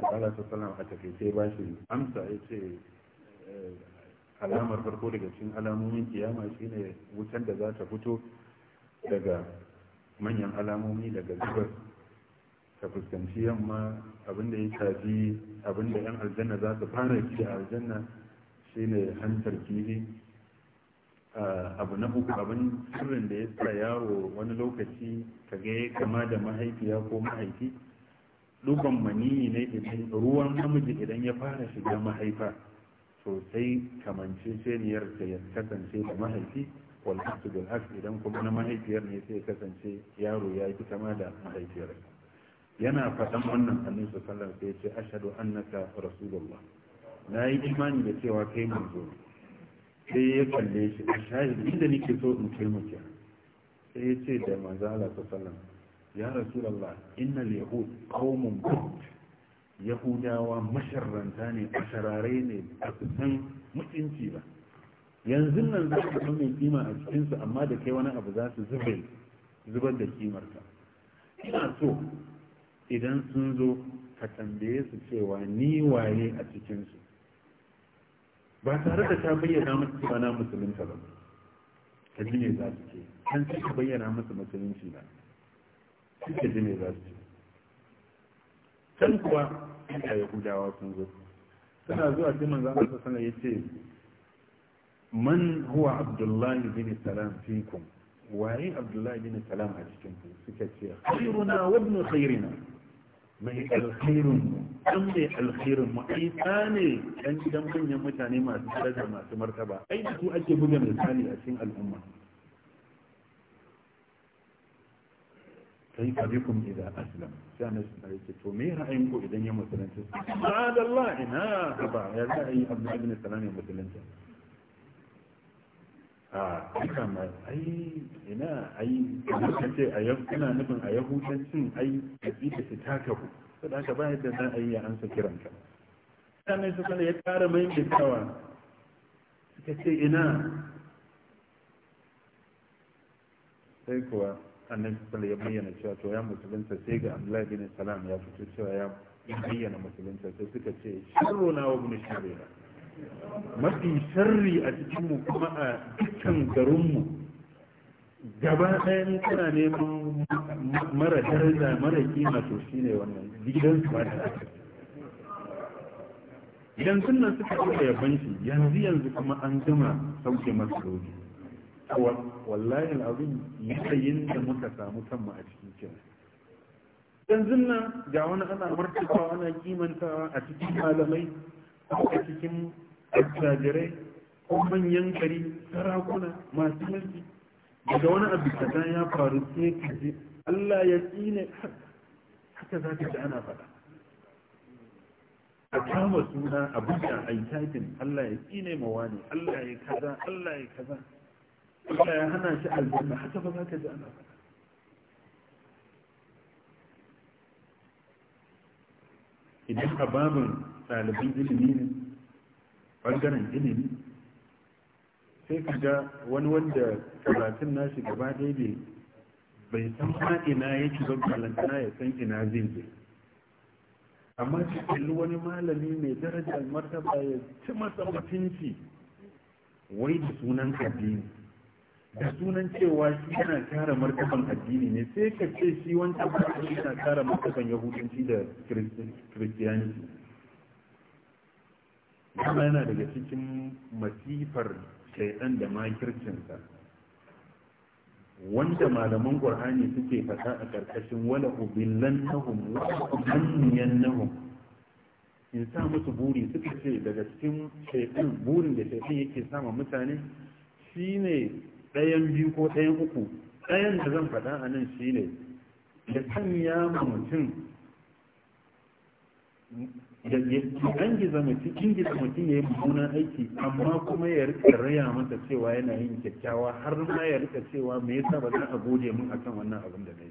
ba Allah ta sallama a sai ba shi amsa ya ce eh, alamar farko daga cikin alamomin kiyama shine wutar da za ta fito daga manyan alamomi daga zubar ta fuskanci yamma abinda ya abin abinda yan aljanna za su fara ci a aljanna shine hantar kiri Eh, abu na uku abin sirrin da ya sa yaro wani lokaci ka kaga ya kama da mahaifiya ko mahaifi dukan maniyi ne idan ruwan namiji idan ya fara shiga mahaifa sosai kamance seniyar ta ya kasance da mahaifi walhasu bil idan kuma na mahaifiyar ne sai ya kasance yaro ya fi kama da mahaifiyar yana faɗan wannan annabi sallallahu alaihi wasallam sai ya ce ashhadu annaka rasulullah na yi imani da cewa kai manzo sai ya kalle shi a shahid inda nake so in kai muke sai ya ce da manzo Allah sallallahu ya rasulullah innal yahud qaumun bud yahudawa masharranta ne asharare ne a kusan mutunci ba yanzu nan za ka san kima a cikinsu amma da kai wani abu za su zubar zubar da kimarta. ina so idan sun zo ka tambaye su cewa ni waye a cikinsu. ba tare da ta bayyana masa cewa na musulunta ba ka ji me za su ce an sai ka bayyana masa musulunci na suka ji me za su ce can kuwa ya yahudawa sun zo suna zuwa sai manzo Allah sallallahu alaihi wasallam yace man huwa abdullahi bin salam fikum waye abdullahi bin salam a cikin ku suka ce khairuna wa ibn khairina mai alkhairin dan mai alkhairin mu ai ne dan gidan manyan mutane masu daraja masu martaba ai da su ake buga misali a cikin al'umma kai fabikum idan aslam sai na su tare to me ra'ayin ku idan ya musulunta subhanallah ina ba ya ra'ayi abdullahi bin salam ya musulunta a duka mai ai ina ai ka ce a yau kana nufin a yahudancin ai a tsita ce taka ku? saboda haka ba da za a yi ya ansa kiranka sannan su kana ya ƙara mai kawa, suka ce ina sai kuwa annabi sallallahu ya bayyana cewa to ya musulunta sai ga Abdullahi bin Salam ya fito cewa ya bayyana musulunta sai suka ce sharruna wa ibn sharrina mafi sharri a cikinmu kuma a dukkan garinmu gaba ɗayan kana neman mara daraja mara kima to shi ne wannan gidan su mata da idan sunan suka ɗauka yaban yanzu yanzu kuma an gama sauke masu dogi wallahi abin yanayin da muka samu kanmu a cikin kenan yanzu na ga wani ana martaba ana kimantawa a cikin malamai a cikin attajirai ko manyan gari sarakuna masu mulki daga wani abu kaza ya faru sai ka Allah ya tsine haka za ka ji ana faɗa a kama suna a buga a yi Allah ya tsine mawa wani Allah ya kaza Allah ya kaza Allah ya hana shi aljanna haka ba za ka ji ana faɗa idan a babin ɗaliban ilimi ne ɓangaren ilimi sai ka ga wani wanda karatun nashi gaba daidai bai san ma'ina ya ci zan balantana ya san ina zai je amma shi wani malami mai darajar martaba ya ci masa wai da sunan addini da sunan cewa shi yana kare martaban addini ne sai ka ce shi wancan yana kare martaban yahudanci da kiristiyanci dama yana daga cikin masifar shaidan da makircinsa wanda malaman qur'ani suke fata a karkashin wala ubillan nahum wa ubanniyan nahum in sa musu buri suka ce daga cikin shaidan burin da shaidan yake sama mutane shine ɗayan biyu ko ɗayan uku ɗayan da zan faɗa a nan shine da kan ya mutum da an giza mutum in giza mutum ya yi mummunan aiki amma kuma ya rika raya masa cewa yana yin kyakkyawa har ma ya rika cewa me yasa ba za a gode mun akan wannan abin da na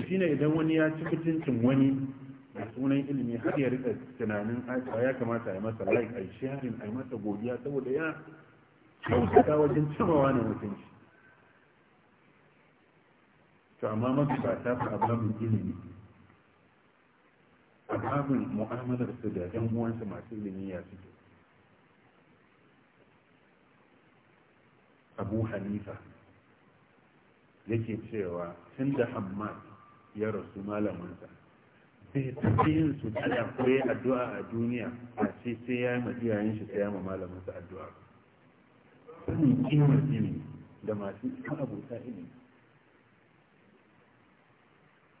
yi shine idan wani ya ci mutuncin wani da sunan ilimi har ya rika tunanin aikawa ya kamata a masa like a yi sharing a yi masa godiya saboda ya kyautata wajen cimawa na mutunci to amma mafi ba ta fi abin ilimi babin mu'amalar su da yan uwansu masu ilimi ya suke abu hanifa yake cewa tun da hammad ya rasu malamansa, bai tafi yin su tana koyi addu'a a duniya a ce sai ya yi ma iyayen shi sai ya ma sa addu'a sanin kimar ilimi da masu abota ilimi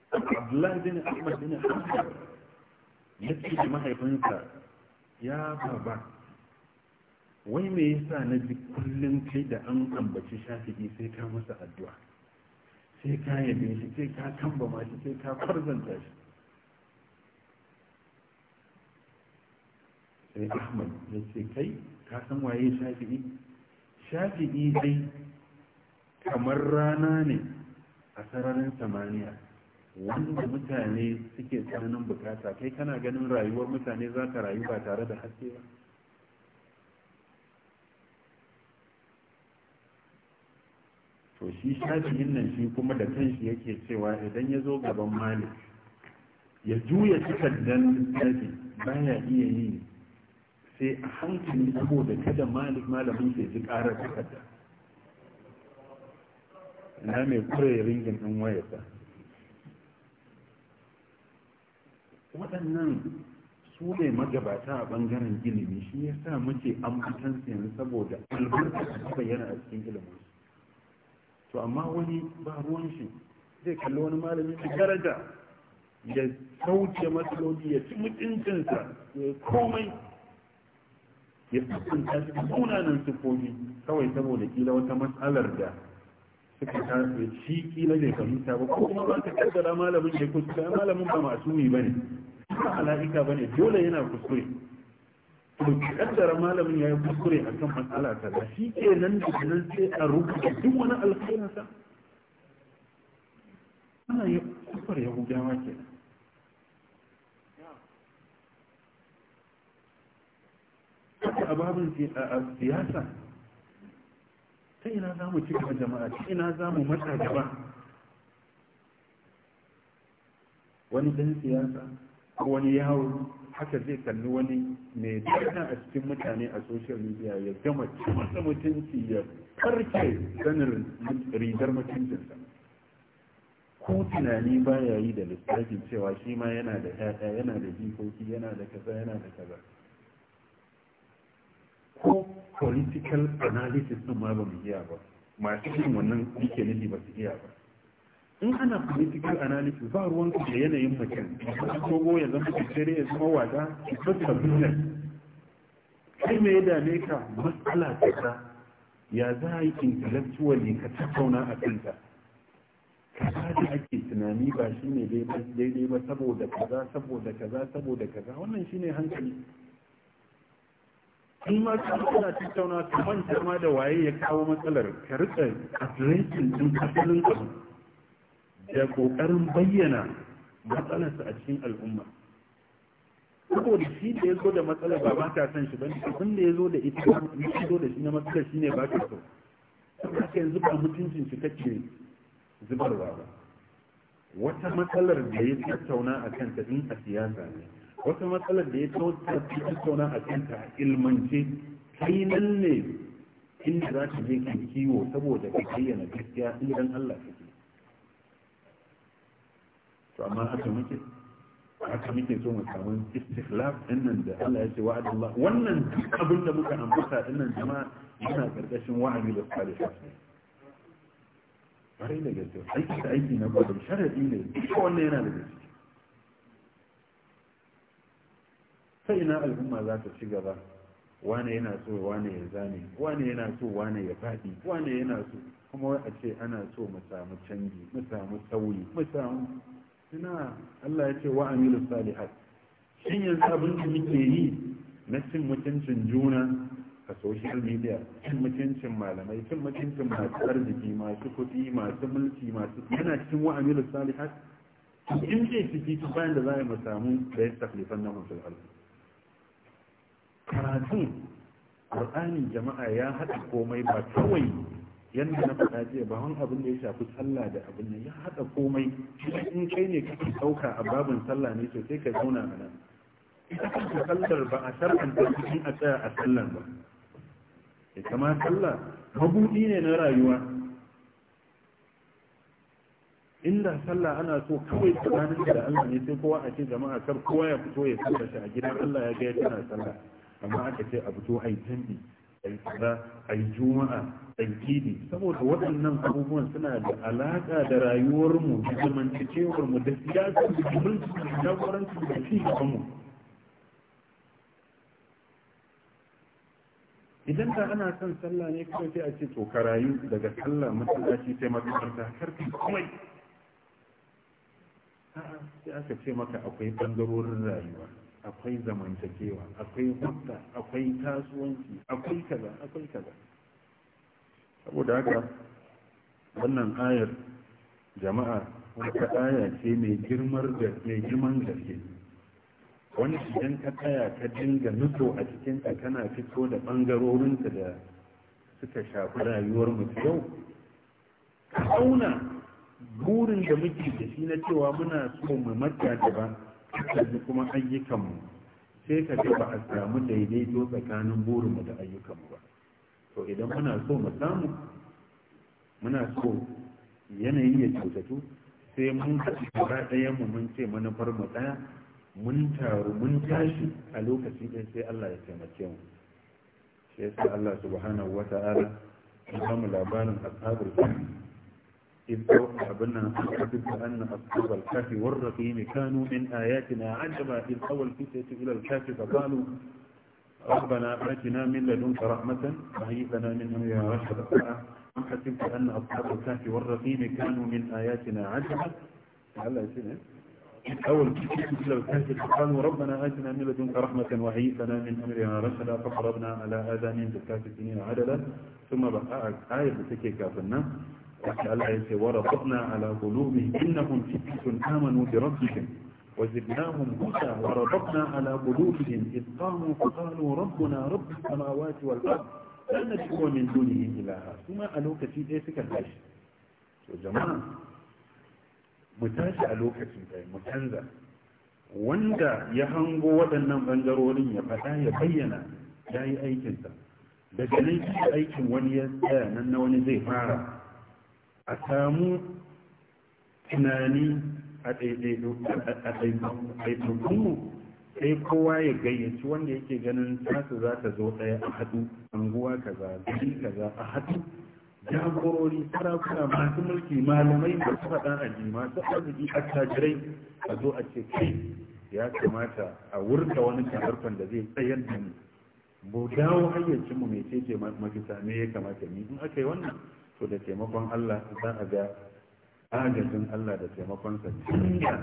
Abdullahi bin Ahmad bin Hamdan ya da mahaifinsa ya baba wai me yasa na ji kullum kai da an ambaci shafi'i sai ka masa addu'a sai ka yabe shi sai ka ma shi sai ka farzanta shi sai ahmad ya ce kai ka san waye shafi'i shafi'i dai kamar rana ne a sararin samaniya wanda mutane suke tsananin bukata kai kana ganin rayuwar mutane za ka rayu ba tare da haske ba to shi shafi'in nan shi kuma da kanshi yake cewa idan ya zo gaban malik ya juya takardar littafi baya iya yi sai a hankali saboda kada malik malamin sai ji karar takarda na mai kure ringin ɗin wayarsa waɗannan su ne magabata a ɓangaren ilimi shi ya sa muke ambatan yanzu saboda albarka da bayyana a cikin ilimin to amma wani ba ruwan shi zai kalli wani malami shi daraja ya sauke matsaloli ya ci mutuncinsa ya komai ya sabunta shi da sunanan sufofi kawai saboda kila wata matsalar da suka tafi shi kila bai fahimta ba ko kuma ba ka kaddara malamin da kuskure malamin ba masumi ba ne ba ala'ika ba ne dole yana kuskure to kaddara malamin ya yi kuskure a kan matsala ta da shi ke nan da nan sai a rubuta duk wani alkhairinsa ana yi kuskure yahudawa ke nan haka a babin siyasa ta ina za mu cika jama'a ta ina za mu matsa gaba wani dan siyasa ko wani yawo haka zai kalli wani mai tsada a cikin mutane a social media ya gama cikin mutunci ya karke sanin rigar mutuncinsa ko tunani baya yi da littafin cewa shi ma yana da 'ya'ya yana da jikoki yana da kaza yana da kaza ko political analysis ɗin ma ba mu iya ba masu yin wannan yake nufi ba su iya ba in ana political analysis ba ruwan da yanayin mutum a kogo ya zama tsere ya zama wada ta business kai me ya dame ka matsala ta ya za a yi ne ka tattauna a kanta kaza da ake tunani ba shi ne daidai ba saboda kaza saboda kaza saboda kaza wannan shi ne hankali in ma ka ana tattauna ka manta ma da waye ya kawo matsalar ka rika adireshin din asalin abu da kokarin bayyana matsalarsa a cikin al'umma da shi da ya zo da matsalar ba ba ta san shi bane abin da ya zo da ita ya zo da shi na matsalar shi ne ba ka so haka yanzu ba mutuncin shi kake zubarwa ba wata matsalar da ya tattauna a kanta din a siyasa ne wata matsalar da ya tattaci tattauna a kanta ilmance kai nan ne inda za ka je kan kiwo saboda ka bayyana gaskiya idan Allah kake to amma haka muke haka muke so mu samu istikhlaf dinnan da Allah ya ce wa Allah wannan abin da muka ambata dinnan jama'a yana karkashin wa'adi da salihat bari da gaske aiki da aiki na gobe sharadi ne duk wannan yana da gaske. ta ina al'umma za ta ci gaba wane yana so wane ya zane wane yana so wane ya faɗi wane yana so kuma wai a ce ana so mu samu canji mu samu sauyi mu samu ina Allah ya ce wa amilu salihat shin yanzu abin da muke yi na cin mutuncin juna a social media cin mutuncin malamai cin mutuncin masu arziki masu kuɗi masu mulki masu yana cikin wa amilu salihat in ce ciki bayan da za mu samu da ya taklifan na mutum karatun ƙur'ani jama'a ya haɗa komai ba kawai yadda na faɗa jiya ba wani abin da ya shafi sallah da abin nan ya haɗa komai in kai ne kake ɗauka a babin sallah ne to sai ka zauna a nan ita kanta sallar ba a shar'anta cikin a tsaya a sallar ba Ya kama sallah mabuɗi ne na rayuwa inda sallah ana so kawai tsakanin da Allah ne sai kowa a ce jama'a kar kowa ya fito ya sallar shi a gidan Allah ya ga yana sallah amma aka ce a fito ai tambi ai a yi juma'a yi kidi saboda waɗannan abubuwan suna da alaƙa da rayuwarmu da zamantakewarmu da siyasar da jibirinsu da jagoranci da ci gabanmu idan da ana son sallah ne kawai sai a ce to ka rayu daga sallah masallaci sai makaranta karfi komai sai aka ce maka akwai bangarorin rayuwa akwai zamantakewa akwai hutta akwai kasuwanci akwai kaza akwai kaza saboda haka wannan ayar jama'a wata aya ce mai girmar da mai girman gaske wani idan ka tsaya ka dinga nuto a cikinta kana fito da ɓangarorinta da suka shafi rayuwar mu yau ka auna burin da muke da shi na cewa muna so mu da ba kalli kuma ayyukanmu sai ka ba a samu daidaito tsakanin burinmu da ayyukanmu ba to idan muna so mu samu muna so yanayin ya cutatu, sai mun haɗu gaba ɗaya mu mun ce manufar mu ɗaya mun taru mun tashi a lokaci ɗaya sai Allah ya taimake mu sai sai Allah subhanahu wata'ala ya samu labarin ashabul kahfi إذ أبنا حدث أن أصحاب الكهف والرقيم كانوا من آياتنا عجبا إذ أول فتية إلى الكهف فقالوا ربنا آتنا من لدنك رحمة فهي لنا منه يا رشد أم حسبت أن أصحاب الكهف والرقيم كانوا من آياتنا عجبا هلا يصير إيه؟ أول إلى الكهف قالوا ربنا آتنا من لدنك رحمة وهيئ لنا من أمرنا رشدا فقربنا على آذان زكاة السنين عددا ثم بقى آية بتكي كافرنا haka Allah ya ce wa rabbana ala qulubihim innahum fitnatun amanu bi rabbihim wa zidnahum huda wa rabbana ala qulubihim id qamu fa qalu rabbuna rabb samawati wal ard la nad'u min dunihi ilaha kuma a lokaci ɗaya suka tashi to jama'a mu tashi a lokacin ɗaya mu canza wanda ya hango waɗannan bangarorin ya faɗa ya bayyana ya yi aikinsa daga nan shi aikin wani ya tsaya nan na wani zai fara a samu tunani a ɗaiɗaikunmu sai kowa ya gayyaci wanda yake ganin tasu za ta zo ɗaya a haɗu anguwa kaza gari kaza a haɗu jagorori sarakuna masu mulki malamai da su faɗa a ji masu arziki a tajirai a zo a ce kai ya kamata a wurta wani tabarfan da zai tsayar da mu mu dawo hayyacinmu mai ce mafita ne ya kamata ni in aka yi wannan to da taimakon Allah za a ga agajin Allah da taimakonsa tunda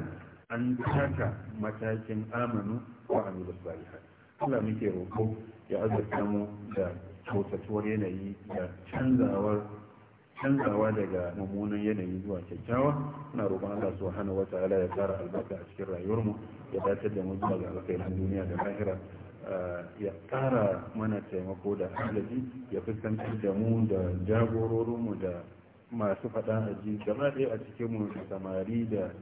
an taka matakin amanu wa amilu salihan Allah muke roƙo ya azurta mu da kyautatuwar yanayi da canzawar canzawa daga mummunan yanayi zuwa kyakkyawa muna roƙon Allah su hana wata ala ya tsara albarka a cikin rayuwarmu ya dace da mu zuwa ga alkhairin duniya da lahira ya tsara mana taimako da halabi ya fuskantar da mu da jagororinmu da masu faɗa a ji ba ɗaya a cikin mu da samari da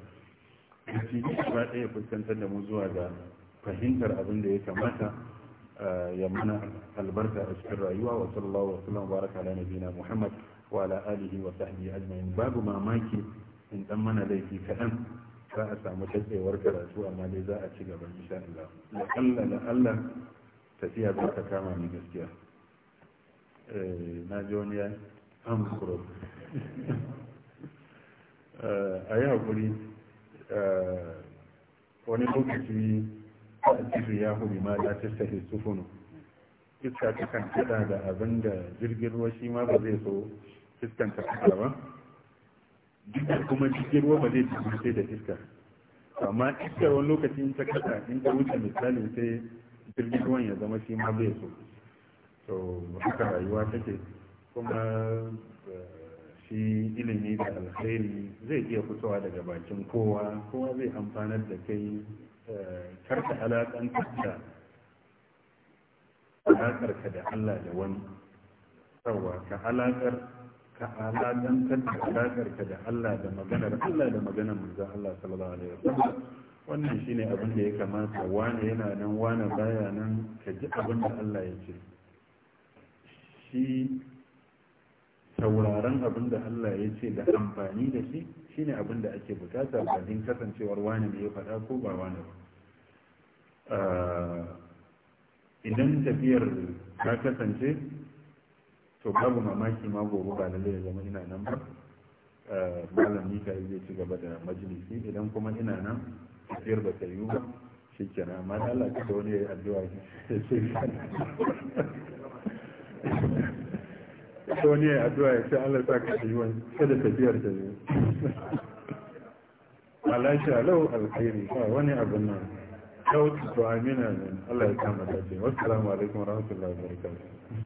cikin gaba ɗaya fuskantar da mu zuwa ga fahimtar abin da ya kamata ya mana albarka a cikin rayuwa wa sallallahu wa sallam baraka ala nabiyina muhammad wa ala alihi wa sahbihi ajma'in babu mamaki in dan mana laifi kaɗan za a samu daɗewar karatu amma dai za a ci gaba insha Allah Allah Allah tafiya za ta kama ni gaskiya eh, na ji wani ya amskuro eh, a yi haƙuri eh, wani lokaci a cikin ya huri ma za ta sahi sufunu iska ta kan da abin da jirgin ruwa shi ma ba zai so iskanta ta ba duk kuma jirgin ruwa ba zai tafi sai da iskar amma iskar wani lokacin ta kasa in ta wuce misali sai jirgin ruwan ya zama shi ma bai so so haka rayuwa take kuma eh, shi ilimi da alkhairi zai iya fitowa daga bakin kowa kowa zai amfanar da kai eh, karka alaƙantar da ka da Allah da wani sauwa ka alaƙar ta'ala don kanta alaƙarka da Allah da maganar Allah da maganar manzon Allah sallallahu alaihi wasallam wannan shine abin da ya kamata wani yana nan wani baya nan ka ji abin da Allah ya ce shi sauraron abin da Allah ya ce da amfani da shi shine abin da ake bukata ba kasancewar wani ne ya faɗa ko ba wani ba ah, idan tafiyar ta kasance to babu mamaki ma gobe ba lalle ya zama ina nan ba eh, malam yi zai ci gaba da majalisi idan kuma ina nan tafiyar ba ta yiwu ba shi kenan amma na Allah ta wani ya yi addu'a ya ce ta wani ya yi addu'a ya ce Allah sa ka yi wani kada tafiyar ta yiwu alasha lau alkhairi ba wani abin nan yau to amina ne Allah ya kama dace wassalamu alaikum wa wabarakatuh